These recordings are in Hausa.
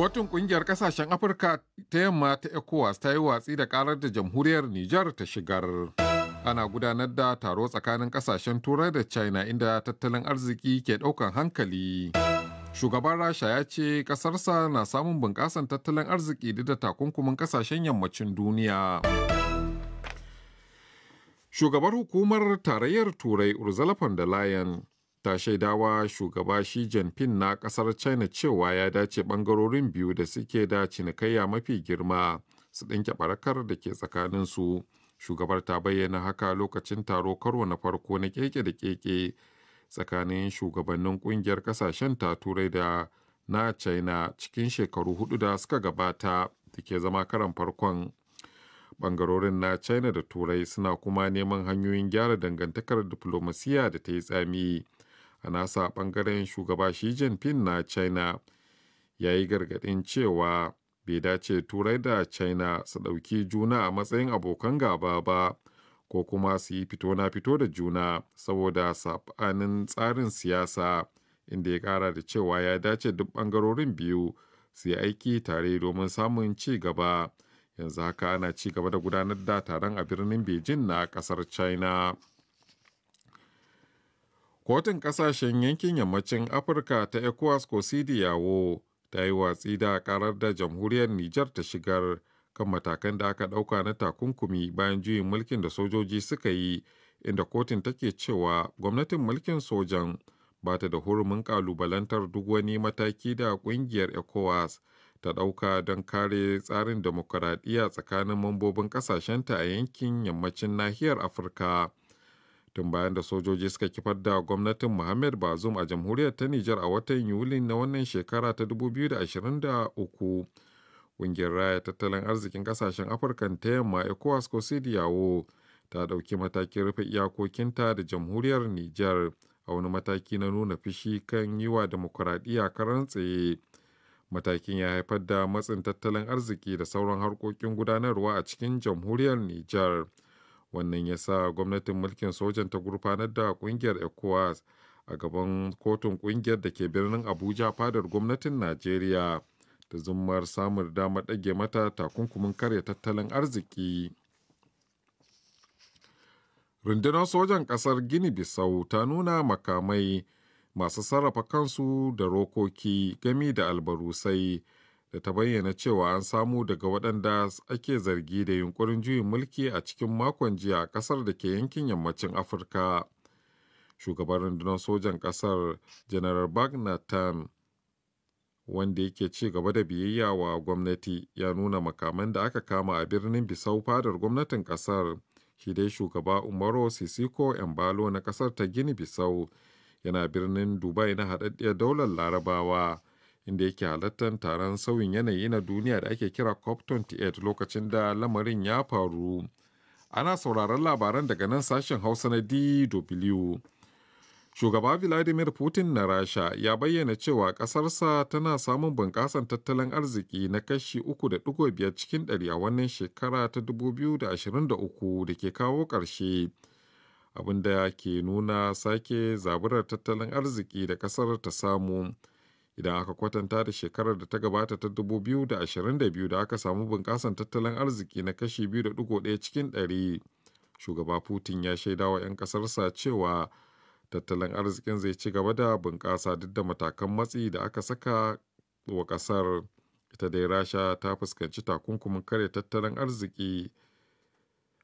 Kotun ƙungiyar ƙasashen Afirka ta yamma ta ECOWAS ta yi watsi da karar da jamhuriyar Nijar ta shigar. Ana gudanar da taro tsakanin ƙasashen Turai da China inda tattalin arziki ke ɗaukan hankali. Shugaban Rasha ya ce ƙasarsa na samun bunƙasan tattalin arziki duk da takunkumin ƙasashen yammacin duniya. Shugabar hukumar tarayyar Turai Urzala von der ta shaidawa shugaba Xi Jinping na kasar China cewa ya dace bangarorin biyu da suke da cinikayya mafi girma su ɗinke barakar da ke tsakanin su Shugabar ta bayyana haka lokacin taro karo na farko na keke da keke tsakanin shugabannin kungiyar kasashen ta turai da na China cikin shekaru hudu da suka gabata da ke zama karan farkon. Bangarorin na China da Turai suna kuma neman hanyoyin gyara dangantakar diflomasiya da ta yi tsami. a nasa ɓangaren shugaba shi jinping na china ya yi gargaɗin cewa bai dace turai da china su ɗauki juna a matsayin abokan gaba ba ko kuma su yi fito na fito da juna saboda saɓanin tsarin siyasa inda ya kara da cewa ya dace duk ɓangarorin biyu su yi aiki tare domin samun ci gaba yanzu haka ana ci gaba da gudanar da taron a birnin beijing na ƙasar china Kotun kasashen yankin yammacin Afirka ta ECOWAS ko Yawo ta yi watsi da karar da jamhuriyar Nijar ta shigar kan matakan da aka dauka na takunkumi bayan juyin mulkin da sojoji suka yi inda kotun take cewa gwamnatin mulkin sojan ba ta da hurumin kalubalantar duk wani mataki da kungiyar ECOWAS ta dauka don kare tsarin demokuraɗiyya tsakanin mambobin ƙasashenta a yankin yammacin nahiyar Afirka. tun bayan da sojoji suka kifar da gwamnatin mohamed Bazoum a jamhuriyar ta Nijar a watan Yuli na wannan shekara ta 2023. Ƙungiyar raya tattalin arzikin ƙasashen Afirka ta yamma ECOWAS ko yawo ta ɗauki matakin rufe iyakokinta da jamhuriyar Nijar a wani mataki na nuna fushi kan yi wa demokuraɗiyya karan tsaye. Matakin ya haifar da matsin tattalin arziki da sauran harkokin gudanarwa a cikin jamhuriyar Nijar. wannan ya sa gwamnatin mulkin sojan ta gurfanar da kungiyar ecowas a gaban kotun kungiyar da ke birnin abuja fadar gwamnatin najeriya da zumar samun damar ɗage mata takunkumin karya tattalin arziki rundunar sojan ƙasar gini bisau ta nuna makamai masu sarrafa kansu da rokoki gami da albarusai da ta bayyana cewa an samu daga waɗanda ake zargi da yunkurin juyin mulki a cikin makon jiya a ƙasar da ke yankin yammacin afirka shugaban rundunar sojan ƙasar general bagnatan wanda yake ci gaba da biyayya wa gwamnati ya nuna makaman da aka kama a birnin bisau fadar gwamnatin ƙasar shi dai shugaba umaro sisiko embalo na ƙasar ta gini bisau yana birnin dubai na haɗaɗɗiyar daular larabawa inda yake halartar taron sauyin yanayi na duniya da ake kira COP28 lokacin da lamarin ya faru. Ana sauraron labaran daga nan sashen Hausa na DW. Shugaba Vladimir Putin na Rasha ya bayyana cewa kasarsa tana samun bunƙasan tattalin arziki na kashi 3.5 cikin ɗari a wannan shekara ta 2023 da ke kawo ƙarshe. abinda ke nuna sake zaburar tattalin arziki da kasar ta samu idan aka kwatanta da shekarar da ta gabata ta 2022 da aka samu bunƙasan tattalin arziki na kashi 2.1 cikin 100 shugaba putin ya shaida wa 'yan ƙasarsa cewa tattalin arzikin zai ci gaba da bunƙasa duk da matakan matsi da aka saka wa ƙasar ta dai rasha ta fuskanci takunkumin kare tattalin arziki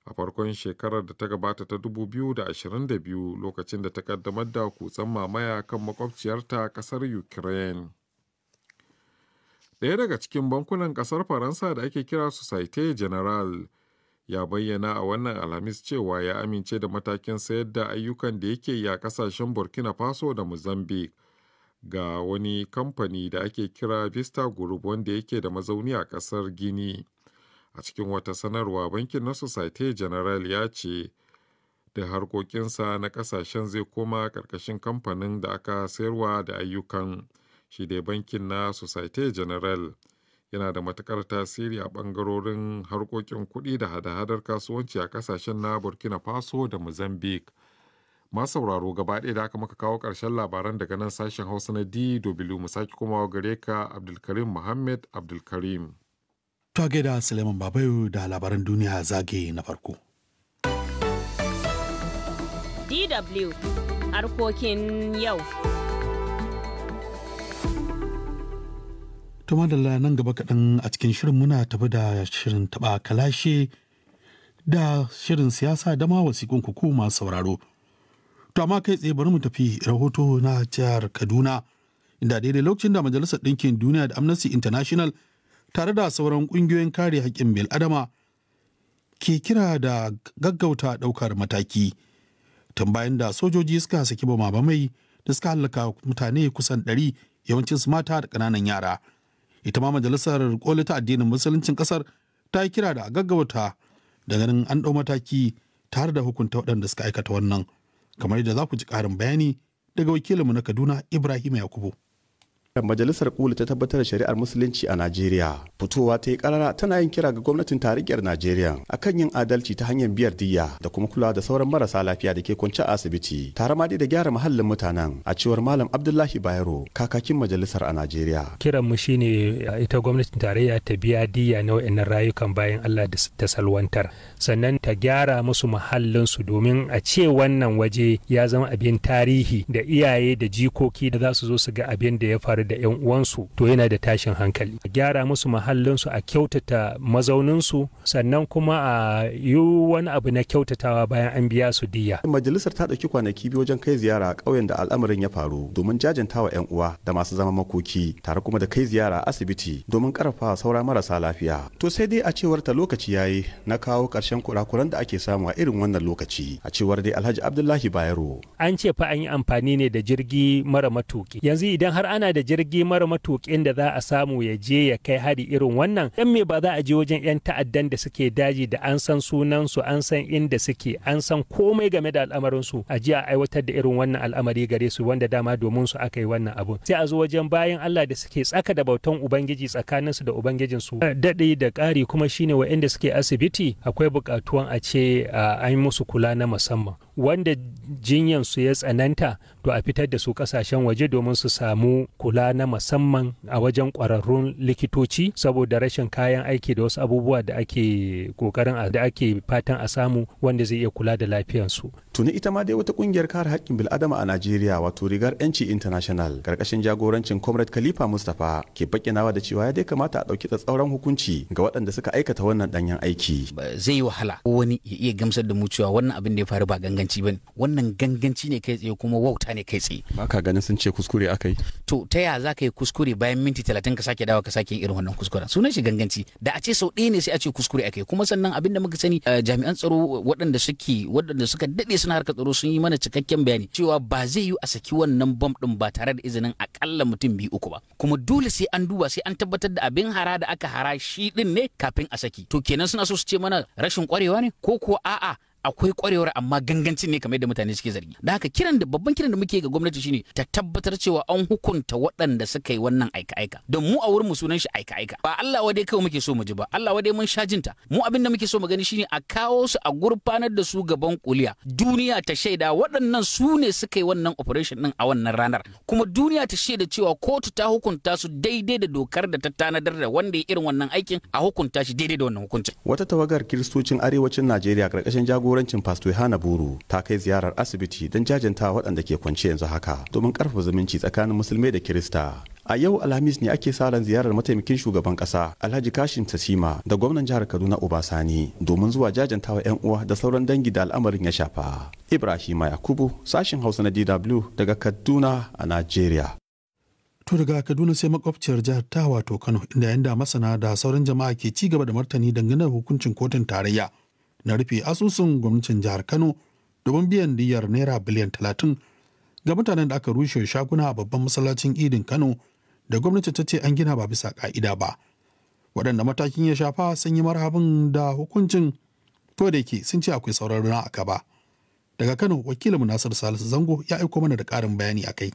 a farkon shekarar da ta gabata ta 2022 lokacin da ta kaddamar da kutsan mamaya kan makwabciyarta kasar ukraine ɗaya daga cikin bankunan kasar faransa da ake kira societe general ya bayyana a wannan alhamis cewa ya amince da matakin sayar da ayyukan da yake yi a kasashen burkina faso da mozambique ga wani kamfani da ake kira vista group wanda yake da mazauni a kasar guinea a cikin wata sanarwa bankin na societe general ya ce da harkokinsa na kasashen zai koma ƙarƙashin kamfanin da aka sayarwa da ayyukan shi dai bankin na societe general yana da matukar tasiri a ɓangarorin harkokin kuɗi da hada-hadar kasuwanci a kasashen na burkina faso da mozambique masu sauraro gaba ɗaya da aka maka kawo ƙarshen labaran daga nan sashen hausa na dw mu sake komawa gare ka abdulkarim muhammad abdulkarim To gaida Suleiman Babayo da labaran duniya Zage na farko. DW harkokin yau. To madalla nan gaba kaɗan a cikin shirin muna tafi da shirin taɓa kalashe da shirin siyasa da ma wasiƙun ku masu sauraro. To amma kai tsaye bari mu tafi rahoto na jihar Kaduna inda daidai lokacin da Majalisar Ɗinkin Duniya da Amnesty International tare da sauran ƙungiyoyin kare haƙƙin adama ke kira da gaggauta ɗaukar mataki tun bayan da sojoji suka saki bama mai da suka hallaka mutane kusan ɗari yawancin su mata da ƙananan yara ita ma majalisar koli ta addinin musuluncin ƙasar ta yi kira da gaggauta da ganin an ɗau mataki tare da hukunta waɗanda suka aikata wannan kamar da za ku ji ƙarin bayani daga wakilinmu na kaduna ibrahim yakubu Majalisar kula ta tabbatar da shari'ar musulunci a Najeriya. Fitowa ta yi karara tana yin kira ga gwamnatin tarayyar Najeriya akan yin adalci ta hanyar biyar diya da kuma kula da sauran marasa lafiya da ke kwance a asibiti tare ma da gyara muhallin mutanen a cewar Malam Abdullahi Bayero kakakin majalisar a Najeriya. kiranmu shine ita gwamnatin tarayya ta biya diya na wayannan rayukan bayan Allah da ta salwantar sannan ta gyara musu muhallin su domin a ce wannan waje ya zama abin tarihi da iyaye da jikoki da za su zo su ga abin da ya faru da 'yan uwansu to yana da tashin hankali a gyara musu mahallinsu a kyautata mazauninsu sannan kuma a yi wani abu na kyautatawa bayan an biya su diya majalisar ta ɗauki kwanaki biyu wajen kai ziyara ƙauyen da al'amarin ya faru domin wa 'yan uwa da masu zama makoki tare kuma da kai ziyara asibiti domin ƙarfafa saura marasa lafiya to sai dai a cewar ta lokaci yayi na kawo ƙarshen kurakuran da ake samu a irin wannan lokaci a cewar dai alhaji abdullahi bayero an ce fa an yi amfani ne da jirgi mara matuki yanzu idan har ana da jirgi jirgi mara matuƙin da za a samu ya je ya kai hari irin wannan dan me ba za a je wajen 'yan ta'addan da suke daji da an san sunansu an san inda suke an san komai game da su a je a aiwatar da irin wannan al'amari gare su wanda dama domin su aka yi wannan abun sai a zo wajen bayan Allah da suke tsaka da bautan ubangiji tsakaninsu da ubangijin ubangijinsu daɗi da kari kuma shine inda suke asibiti akwai buƙatuwan a ce an musu kula na musamman wanda jinyan su ya tsananta to a fitar da su kasashen waje domin su samu kula na musamman a wajen kwararrun likitoci saboda rashin kayan aiki da wasu abubuwa da ake kokarin da ake fatan a samu wanda zai iya kula da lafiyansu tuni ita ma dai wata kungiyar kare haƙƙin bil'adama a najeriya wato rigar yanci international karkashin jagorancin comrade khalifa mustapha ke bakinawa da cewa ya dai kamata a ɗauki tsauran hukunci ga waɗanda suka aikata wannan ɗanyen aiki zai yi wahala wani ya iya gamsar da mu cewa wannan abin da ya faru ba ganganci bane wannan ganganci ne kai tsaye kuma wauta ne kai tsaye ba ka ganin sun ce kuskure aka to ta ya za ka yi kuskure bayan minti talatin ka sake dawa ka sake irin wannan kuskuren sunan shi ganganci da a ce sau ɗaya ne sai a ce kuskure aka yi kuma sannan abin da muka sani eh, jami'an tsaro waɗanda suke waɗanda suka daɗe kwamishinan harkar tsaro sun yi mana cikakken bayani cewa ba zai yi a saki wannan bom din ba tare da izinin akalla mutum biyu uku ba kuma dole sai an duba sai an tabbatar da abin hara da aka hara shi din ne kafin a saki to kenan suna so su ce mana rashin kwarewa ne ko ko a'a akwai kwarewar amma gangancin ne kamar yadda mutane suke zargi da haka kiran da babban kiran da muke ga gwamnati shine ta tabbatar cewa an hukunta waɗanda suka yi wannan aika-aika don mu a wurin mu sunan shi aika-aika ba Allah wadai kawai muke so mu ji ba Allah wadai mun shajinta mu abin da muke so mu gani shine a kawo su a gurfanar da su gaban kuliya duniya ta shaida waɗannan su ne suka yi wannan operation din a wannan ranar kuma duniya ta shaida cewa kotu ta hukunta su daidai da dokar da ta tanadar da wanda ya irin wannan aikin a hukunta shi daidai da wannan hukuncin wata tawagar kiristocin arewacin Najeriya karkashin jagorancin Pastor Yohana Buru ta kai ziyarar asibiti don jajanta waɗanda ke kwance yanzu haka domin ƙarfafa zumunci tsakanin musulmai da Kirista. A yau Alhamis ne ake saran ziyarar mataimakin shugaban kasa Alhaji Kashim Tasima da gwamnan jihar Kaduna Obasani domin zuwa jajantawa 'yan uwa da sauran dangi da al'amarin ya shafa. Ibrahim Yakubu sashin Hausa na DW daga Kaduna a Najeriya. To daga Kaduna sai makwabciyar jihar ta wato Kano inda yanda masana da sauran jama'a ke ci gaba da martani dangane da hukuncin kotun tarayya na rufe asusun gwamnatin jihar kano domin biyan diyyar naira biliyan talatin ga mutanen da aka rushe shaguna a babban masallacin idin kano da gwamnati ta ce an gina ba bisa ka'ida ba waɗanda matakin ya shafa sun yi marhabin da hukuncin ko da yake sun ce akwai sauran runa a gaba daga kano wakilin nasir salisu zango ya aiko mana da ƙarin bayani a kai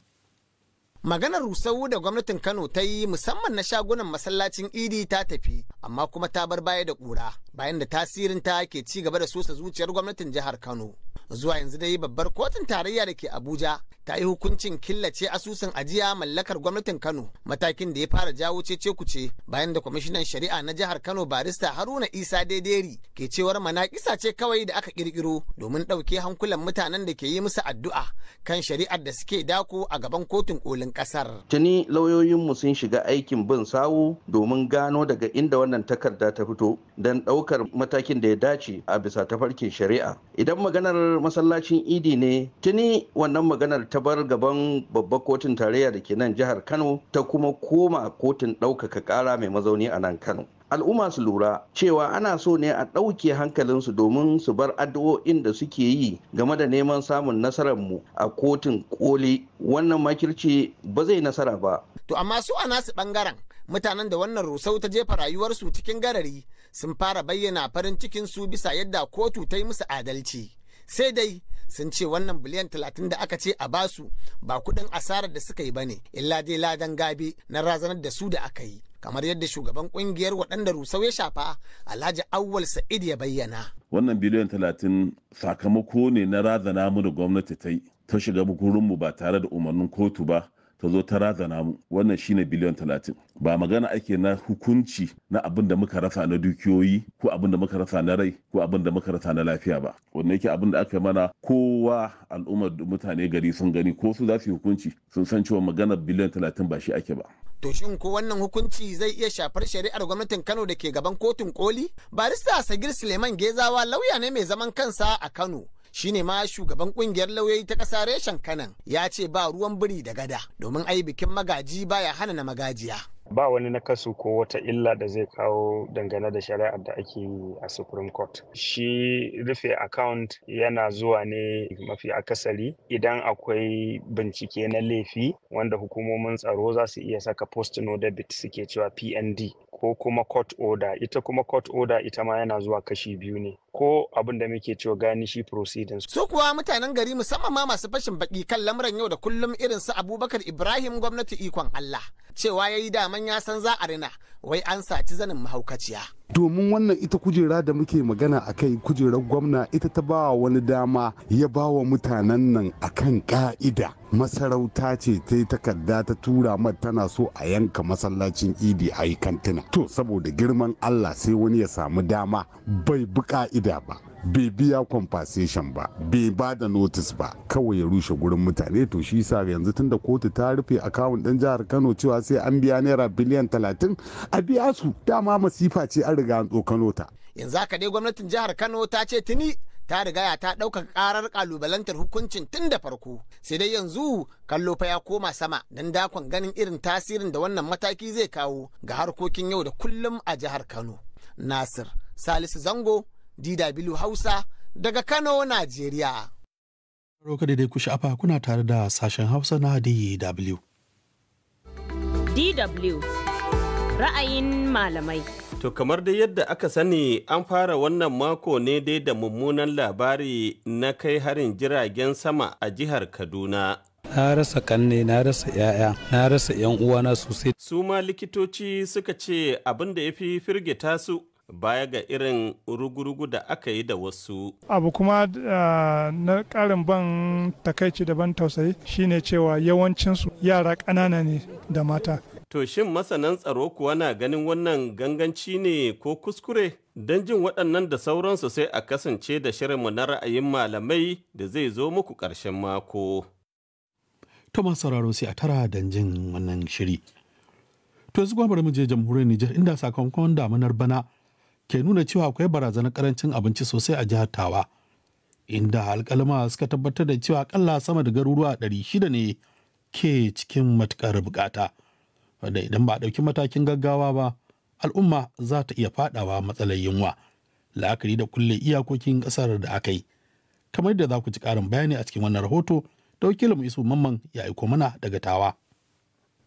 maganar rusau da gwamnatin kano ta yi musamman na shagunan masallacin idi ta tafi amma kuma ta bar baya da kura bayan da tasirin ta ke ci gaba da sosa zuciyar gwamnatin jihar kano zuwa yanzu dai babbar kotun tarayya da ke abuja ta yi hukuncin killace asusun ajiya mallakar gwamnatin Kano matakin da ya fara jawo cece kuce bayan da kwamishinan shari'a na jihar Kano barista Haruna Isa Dederi ke cewar manakisa ce kawai da aka kirkiro domin ɗauke hankulan mutanen da ke yi musu addu'a kan shari'ar da suke dako a gaban kotun kolin kasar. Tuni lauyoyinmu sun shiga aikin bin sawu domin gano daga inda wannan takarda ta fito don ɗaukar matakin da ya dace a bisa tafarkin shari'a. Idan maganar masallacin idi ne tuni wannan maganar ta bar gaban babbar kotun tarayya da ke nan jihar kano ta kuma koma kotun ɗaukaka ƙara mai mazauni a nan kano al'umma su lura cewa ana so ne a ɗauke hankalinsu domin su bar addu'o'in da suke yi game da neman samun nasararmu a kotun koli wannan makirci ba zai nasara ba. To amma su a nasu ɓangaren mutanen da wannan rusau ta jefa rayuwarsu cikin garari sun fara bayyana farin cikin su bisa yadda kotu ta yi musu adalci. Sai dai sun ce wannan biliyan talatin da aka ce a basu ba kudin asarar da suka yi ba ne illa dai ladan gabe na razanar da su da aka yi kamar yadda shugaban kungiyar waɗanda rusau ya shafa alhaji awwal sa'id ya bayyana wannan biliyan talatin sakamako ne na razana mu da gwamnati ta yi ta shiga mu ba tare da umarnin kotu ba ta zo ta razana mu wannan shine biliyan talatin ba magana ake na hukunci na abin da muka rasa na dukiyoyi ko abin da muka rasa na rai ko abin da muka rasa na lafiya ba wannan yake abin da aka mana kowa al'ummar mutane gari sun gani ko su za su hukunci sun san cewa magana biliyan talatin ba shi ake ba to shin ko wannan hukunci zai iya shafar shari'ar gwamnatin Kano da ke gaban kotun koli barista Sagir Suleiman Gezawa lauya ne mai zaman kansa a Kano shine ma shugaban kungiyar lauyoyi ta ƙasa reshen kanan ya ce ba ruwan biri da gada domin ai bikin magaji baya hana na magajiya ba wani na kasu ko wata illa da zai kawo dangane da shari'ar da ake yi a supreme court shi rufe account yana zuwa ne mafi akasari idan akwai bincike na laifi wanda hukumomin tsaro za su iya saka post no debit suke cewa pnd ko kuma court order ita kuma court order ita ma yana zuwa kashi biyu ne ko abin da muke cewa gani shi proceedings su kuwa mutanen gari musamman ma masu fashin baki kan lamuran yau da kullum irin su abubakar ibrahim gwamnati ikon allah cewa ya yi daman an ya san za a rina wai an saci zanin mahaukaciya domin wannan ita kujera da muke magana a kai kujerar gwamna ita ta ba wani dama ya ba wa mutanen nan a kan ka'ida masarauta ce ta yi takarda ta tura mata tana so a yanka masallacin idi a yi kantina to saboda girman allah sai wani ya samu dama bai bi ka'ida ba bai biya compensation ba bai ba da notice ba kawai ya rushe gurin mutane to shi sa yanzu tunda kotu ta rufe akawun ɗan jihar kano cewa sai an biya naira biliyan talatin a biya su dama masifa ce an riga an tsokano ta yanzu haka dai gwamnatin jihar kano ta ce tuni ta rigaya ta ɗaukaka ƙarar kalubalantar hukuncin tun da farko sai dai yanzu kallo fa ya koma sama don dakon ganin irin tasirin da wannan mataki zai kawo ga harkokin yau da kullum a jihar kano nasir salisu zango DW Hausa daga Kano, Najeriya. Roka da ku sha'afa kuna tare da sashen Hausa na DW. DW ra'ayin malamai. To kamar dai yadda aka sani an fara wannan mako ne dai da mummunan labari na kai harin jiragen sama a jihar Kaduna. Na rasa kanne, na rasa ‘ya'ya, na rasa ‘yan uwana sosai. suma likitoci suka ce abin da ya fi firgita su baya ga irin rugurugu da aka yi da wasu. Abu kuma ah, na ƙarin ban takaici da ban tausayi shine cewa yawancinsu yara ƙanana ne da mata. To shin masanan tsaro kuwa na ganin wannan ganganci ne ko kuskure? Don jin waɗannan da sauransu sai a kasance da shirinmu na ra'ayin malamai da zai zo muku ƙarshen mako. sauraro sai a tara don jin wannan shiri. To yanzu bari mu je jamhuriyar Nijar inda sakamakon damanar bana ke nuna cewa akwai barazanar karancin abinci sosai a jihar Tawa. Inda alkalama suka tabbatar da cewa akalla sama da garuruwa shida ne ke cikin matukar bukata. Wanda idan ba a ɗauki matakin gaggawa ba, al'umma za ta iya fadawa matsalar yunwa. La'akari da kulle iyakokin ƙasar da aka yi. Kamar da za ku ji ƙarin bayani a cikin wannan rahoto da wakilin Isu Mamman ya aiko mana daga Tawa.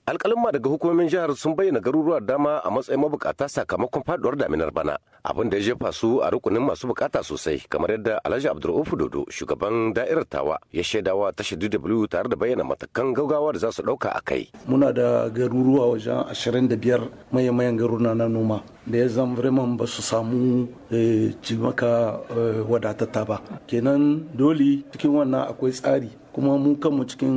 alkalin daga hukumomin jihar sun bayyana garuruwa dama a matsayin mabukata sakamakon faduwar daminar bana abin da ya jefa su a rukunin masu bukata sosai kamar yadda alhaji abdulrauf dodo shugaban da'irar tawa ya shaidawa tashar dw tare da bayyana matakan gaugawa da za su dauka a kai muna da garuruwa wajen 25 mayan garuna na noma da ya zama vraiment ba su samu eh, cimaka eh, wadatata ba kenan dole cikin wannan akwai tsari kuma mu kanmu cikin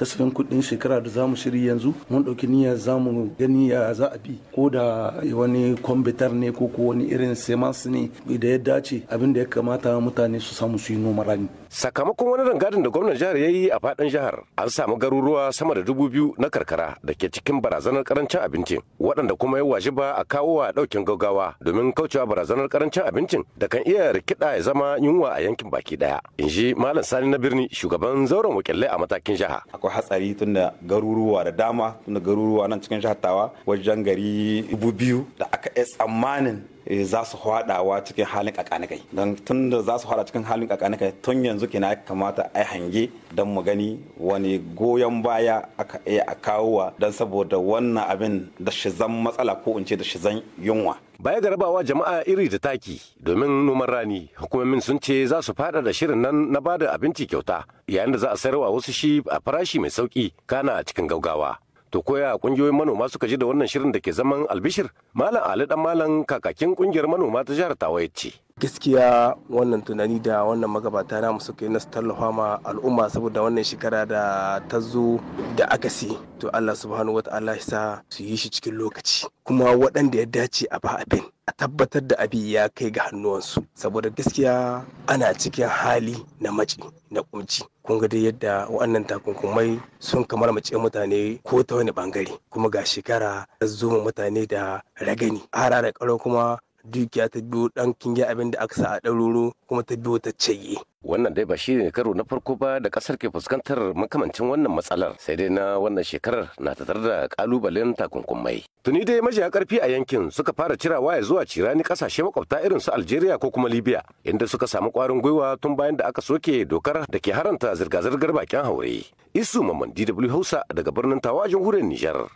kasafin kuɗin shekara da zamu shiri yanzu mun ɗauki niyyar zamu gani ya za a bi ko da wani kwambitar ne ko ko wani irin semans ne da ya dace abin da ya kamata mutane su samu su yi noma rani. Sakamakon wani rangadin da gwamnan jihar ya yi a fadin jihar an samu garuruwa sama da dubu biyu na karkara da ke cikin barazanar karancin abinci waɗanda kuma ya waji ba a kawo wa daukin gaggawa domin kaucewa barazanar karancin abincin da kan iya rikida ya zama yunwa a yankin baki daya In ji Malam Sani na birni shugaban zauren wakilai a matakin jiha. akwai hatsari da garuruwa da dama da garuruwa nan cikin jihar wajen gari 2000 da aka yi tsammanin Eh, za su hwadawa cikin halin kakanikai don tun da za su hwada cikin halin kakanikai tun yanzu kina kamata a hange don mu gani wani goyon baya aka iya a kawowa don saboda wannan abin da shi zan matsala ko in ce da shi zan yunwa baya ga rabawa jama'a iri da taki domin noman rani hukumomin sun ce za su fada da shirin nan na bada abinci kyauta yayin da za a sayarwa wasu shi a farashi mai sauki kana cikin gaugawa To koya kungiyoyin manoma suka ji da wannan shirin da ke zaman albishir? Malam Ali dan Malam kakakin kungiyar manoma ta jihar Tawaye ce. gaskiya wannan tunani da wannan magabata na musu kai na su tallafa ma al'umma saboda wannan shekara da ta zo da aka si to Allah subhanahu wa ta'ala ya sa su yi shi cikin lokaci kuma waɗanda ya dace a ba abin a tabbatar da abin ya kai ga hannuwansu saboda gaskiya ana cikin hali na maci na kunci kun ga dai yadda wannan takunkumai sun kamar mace mutane ko ta wani bangare kuma ga shekara ta zo mutane da ragani a da kuma dukiya ta biyo dan kinge abin da aka sa a ɗaruru kuma ta biyo ta ceye. wannan dai ba shi ne karo na farko ba da kasar ke fuskantar makamancin wannan matsalar sai dai na wannan shekarar na tatar da kalubalen takunkumai tuni dai majiya karfi a yankin suka fara cirawa ya zuwa cirani kasashe makwabta irin su algeria ko kuma libya inda suka samu kwarin gwiwa tun bayan da aka soke dokar da ke haranta zirga-zirgar bakin haure isu mamman dw hausa daga birnin tawa huren nijar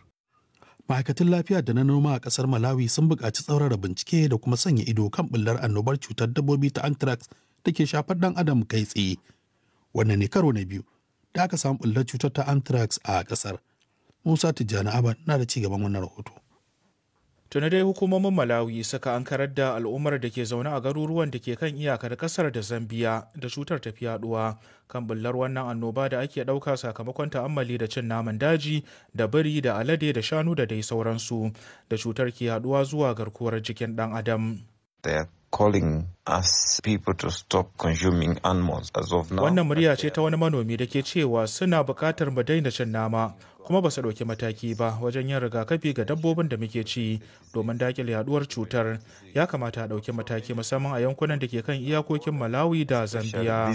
ma'aikatan lafiya da na noma a ƙasar malawi sun buƙaci tsaurara bincike da kuma sanya ido kan bullar annobar cutar dabbobi ta anthrax da ke shafar ɗan adam kai tsaye wannan ne karo na biyu da aka samu bullar cutar ta anthrax a ƙasar. musa tijjani Aban na da ci gaban wannan rahoto tuni dai hukumomin malawi suka ankarar da al'ummar da ke zaune a garuruwan da ke kan iyakar kasar da zambiya da cutar ta kan bullar wannan annoba da ake ɗauka sakamakon ta'ammali da cin naman daji da biri da alade da shanu da dai sauransu da cutar ke yaduwa zuwa garkuwar jikin dan adam calling us people consuming animals Wannan murya ce ta wani manomi da ke cewa suna bukatar mu daina cin nama kuma ba su ɗauki mataki ba wajen yin rigakafi ga dabbobin da muke ci domin dakile yaduwar cutar ya kamata a ɗauki mataki musamman a yankunan da ke kan iyakokin malawi da zambia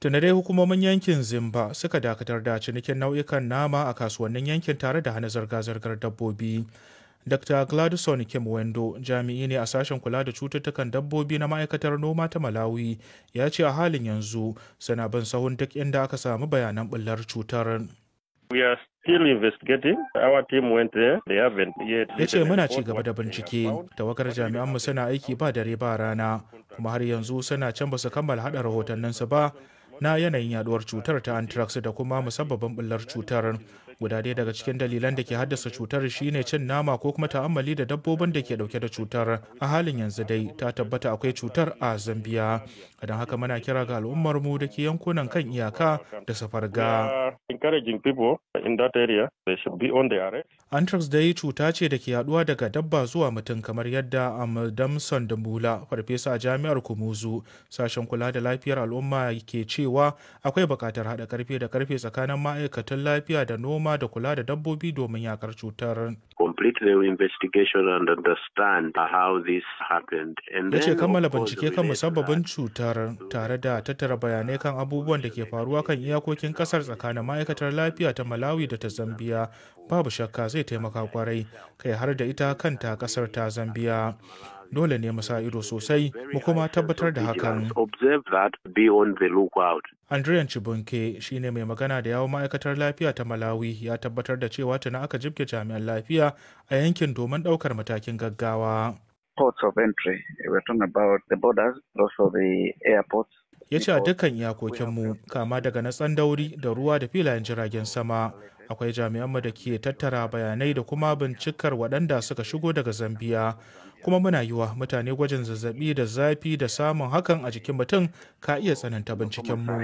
tuna dai hukumomin yankin zimba suka dakatar da cinikin nau'ikan nama a kasuwannin yankin tare da hana zirga-zirgar dabbobi Dr. Gladson Kimwendo jami'i ne a sashen kula da cututtukan dabbobi na ma'aikatar noma ta Malawi ya ce a halin yanzu suna bin sahun duk inda aka samu bayanan bullar cutar. Ya ce muna ci gaba da bincike, tawakar jami'anmu suna aiki ba dare ba rana, kuma har yanzu suna can ba su kammala haɗa rahotanninsu ba na yanayin yaduwar cutar ta anthrax da kuma musabbabin bullar cutar guda ɗaya daga cikin dalilan da ke haddasa cutar shine cin nama ko kuma ta'ammali da dabbobin da ke dauke da cutar a halin yanzu dai ta tabbata akwai cutar a zambiya don haka muna kira ga al'ummar mu da ke yankunan kan iyaka da safarga anthrax dai cuta ce da ke yaduwa daga dabba zuwa mutum kamar yadda da mula farfesa a jami'ar kumuzu sashen kula da lafiyar al'umma ke cewa akwai bukatar haɗa karfe da karfe tsakanin ma'aikatan lafiya da noma da kula da dabbobi domin yakar cutar ya ce kammala bincike kan musabbabin cutar tare da tattara bayanai kan abubuwan da ke faruwa kan iyakokin kasar tsakanin ma'aikatar lafiya ta malawi da ta zambiya babu shakka zai taimaka kwarai kai har da ita kanta kasar ta zambiya dole ne mu sa ido sosai mu kuma tabbatar da hakan. Andrian Chibunke shi ne mai magana da yawon ma'aikatar lafiya ta Malawi ya tabbatar da cewa tana aka jibge jami'an lafiya a yankin domin ɗaukar matakin gaggawa. ports of entry. We're talking about the borders, also the airports. ya ce a dukkan iyakokinmu kama daga na tsandauri da ruwa da filayen jiragen sama akwai jami'anmu da ke tattara bayanai da kuma bincikar waɗanda suka shigo daga zambiya kuma muna yi wa mutane gwajin zazzabi da zafi da samun hakan a jikin mutum ka iya tsananta bincikenmu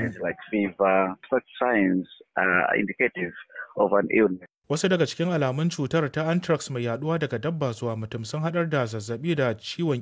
Wasu daga cikin alamun cutar ta anthrax mai yaduwa daga dabba zuwa mutum sun haɗar da zazzabi da ciwon